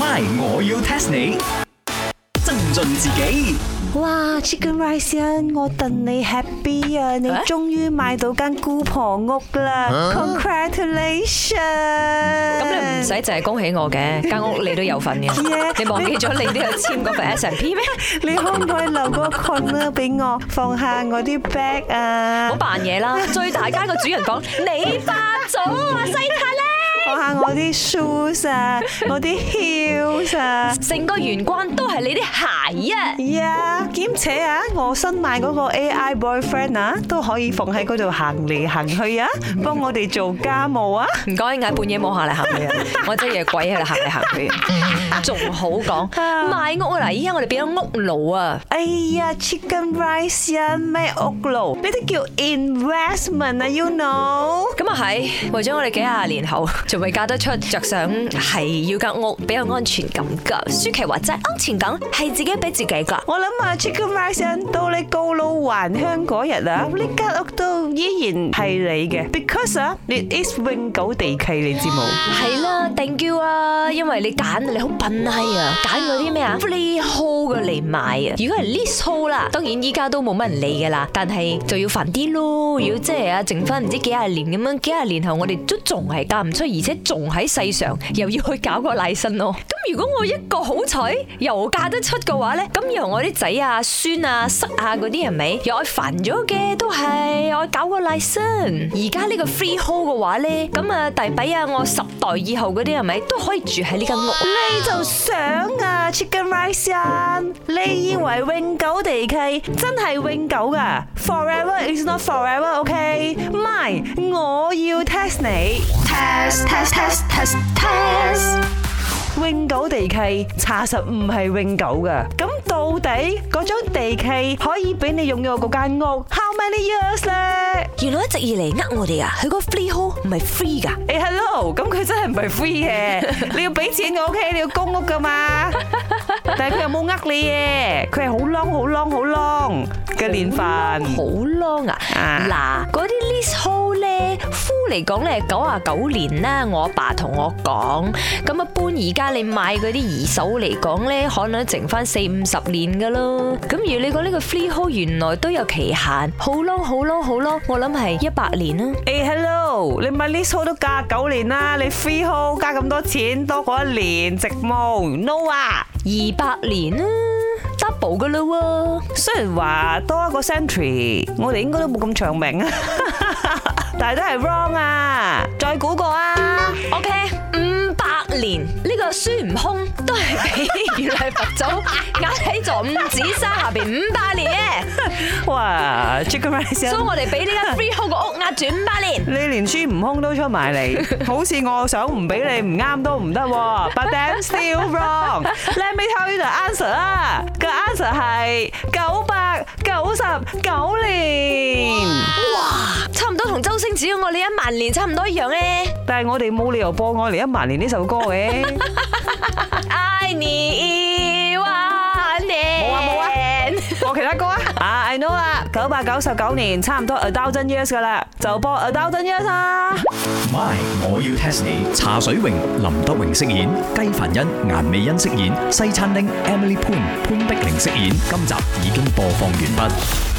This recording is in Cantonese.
My，我要 test 你，增進自己。哇，Chicken Rice 啊，我等你 happy 啊！你終於買到間姑婆屋啦，congratulation！咁你唔使淨係恭喜我嘅，間 屋你都有份嘅。Yeah, 你忘記咗你都有簽嗰份 S and P 咩？ 你可唔可以留個群啦俾我，放下我啲 bag 啊！我扮嘢啦，最大間個主人講你發咗啊，西太咧。放下我啲 shoes 啊，我啲 heels 啊，成個玄關都係你啲鞋啊！呀，兼且啊，我新買嗰個 AI boyfriend 啊，都可以放喺嗰度行嚟行去啊，幫我哋做家務啊！唔該，嗌半夜冇行嚟行去啊，我真係鬼喺度行嚟行去，仲好講買屋嗱，依家我哋變咗屋奴啊！哎呀，chicken rice 啊，咩屋奴，呢啲叫 investment 啊，you know？咁啊係，為咗我哋幾廿年後。仲未嫁得出，着想係要間屋比較安全感噶。舒淇話齋安全感係自己俾自己噶。我諗啊 checkmark 上到你告老還鄉嗰日啊，呢間屋都依然係你嘅，because 啊，你 is 永久地契你知冇？係啦定叫啊，因為你揀啊你好笨啊，揀咗啲咩啊 freehold 嘅嚟買啊。如果係 leasehold 啦，當然依家都冇乜人理噶啦，但係就要煩啲咯，如果即係啊，剩翻唔知幾廿年咁樣，幾廿年後我哋都仲係嫁唔出而。而且仲喺世上，又要去搞個賴身咯～如果我一個好彩又我嫁得出嘅話咧，咁由我啲仔啊、孫啊、室啊嗰啲係咪？又我煩咗嘅都係我搞個 license。而家呢個 freehold 嘅話咧，咁啊遞畀啊我十代以後嗰啲係咪都可以住喺呢間屋？Wow。你就想啊，Chicken Rice 啊你以為永久地契真係永久噶？Forever is not forever，OK？MY 我要 test 你。Test test test test test。永久地契查實唔係永久噶，咁到底嗰張地契可以俾你擁有嗰間屋？How many years 咧？原來一直以嚟呃我哋啊！佢個 freehold 唔係 free 噶，誒，hello，咁佢真係唔係 free 嘅，你要俾錢嘅，O K，你要供屋噶嘛？但係佢又冇呃你嘅，佢係好 long、好 long、好 long 嘅年份，好 long 啊！嗱，嗰啲 leasehold 咧。嚟講咧九啊九年啦，我阿爸同我講，咁一般而家你買嗰啲二手嚟講咧，可能剩翻四五十年噶咯。咁如你講呢個 freehold 原來都有期限，好咯好咯好咯，我諗係一百年啦。hello 你買呢套都九九年啦，你 freehold 加咁多錢，多過一年，直毛，no 啊，二百年啊，double 噶啦喎。雖然話多一個 century，我哋應該都冇咁長命啊。但係都係 wrong 啊！再估過啊！OK，五百年呢個孫悟空都係俾如來佛祖壓喺咗五指山下邊五百年嘅。哇！So 我哋俾呢間 freehold 個屋壓住五百年。你連孫悟空都出埋嚟，好似我想唔俾你唔啱都唔得。But damn still wrong。Let me tell you the answer 啊。個 answer 係九百九十九年。哇！差唔多同周。只要我哋一萬年差唔多一樣咧，但係我哋冇理由播愛你一萬年呢首歌嘅。愛你一萬年冇啊冇啊，播、啊啊啊、其他歌啊。I know 啦，九百九十九年差唔多 a thousand years 噶啦，就播 a thousand years 啦。My，我要 TEST 你。茶水榮、林德榮飾演，雞凡欣、顏美欣飾演，西餐廳 Emily 潘潘碧玲飾演。今集已經播放完畢。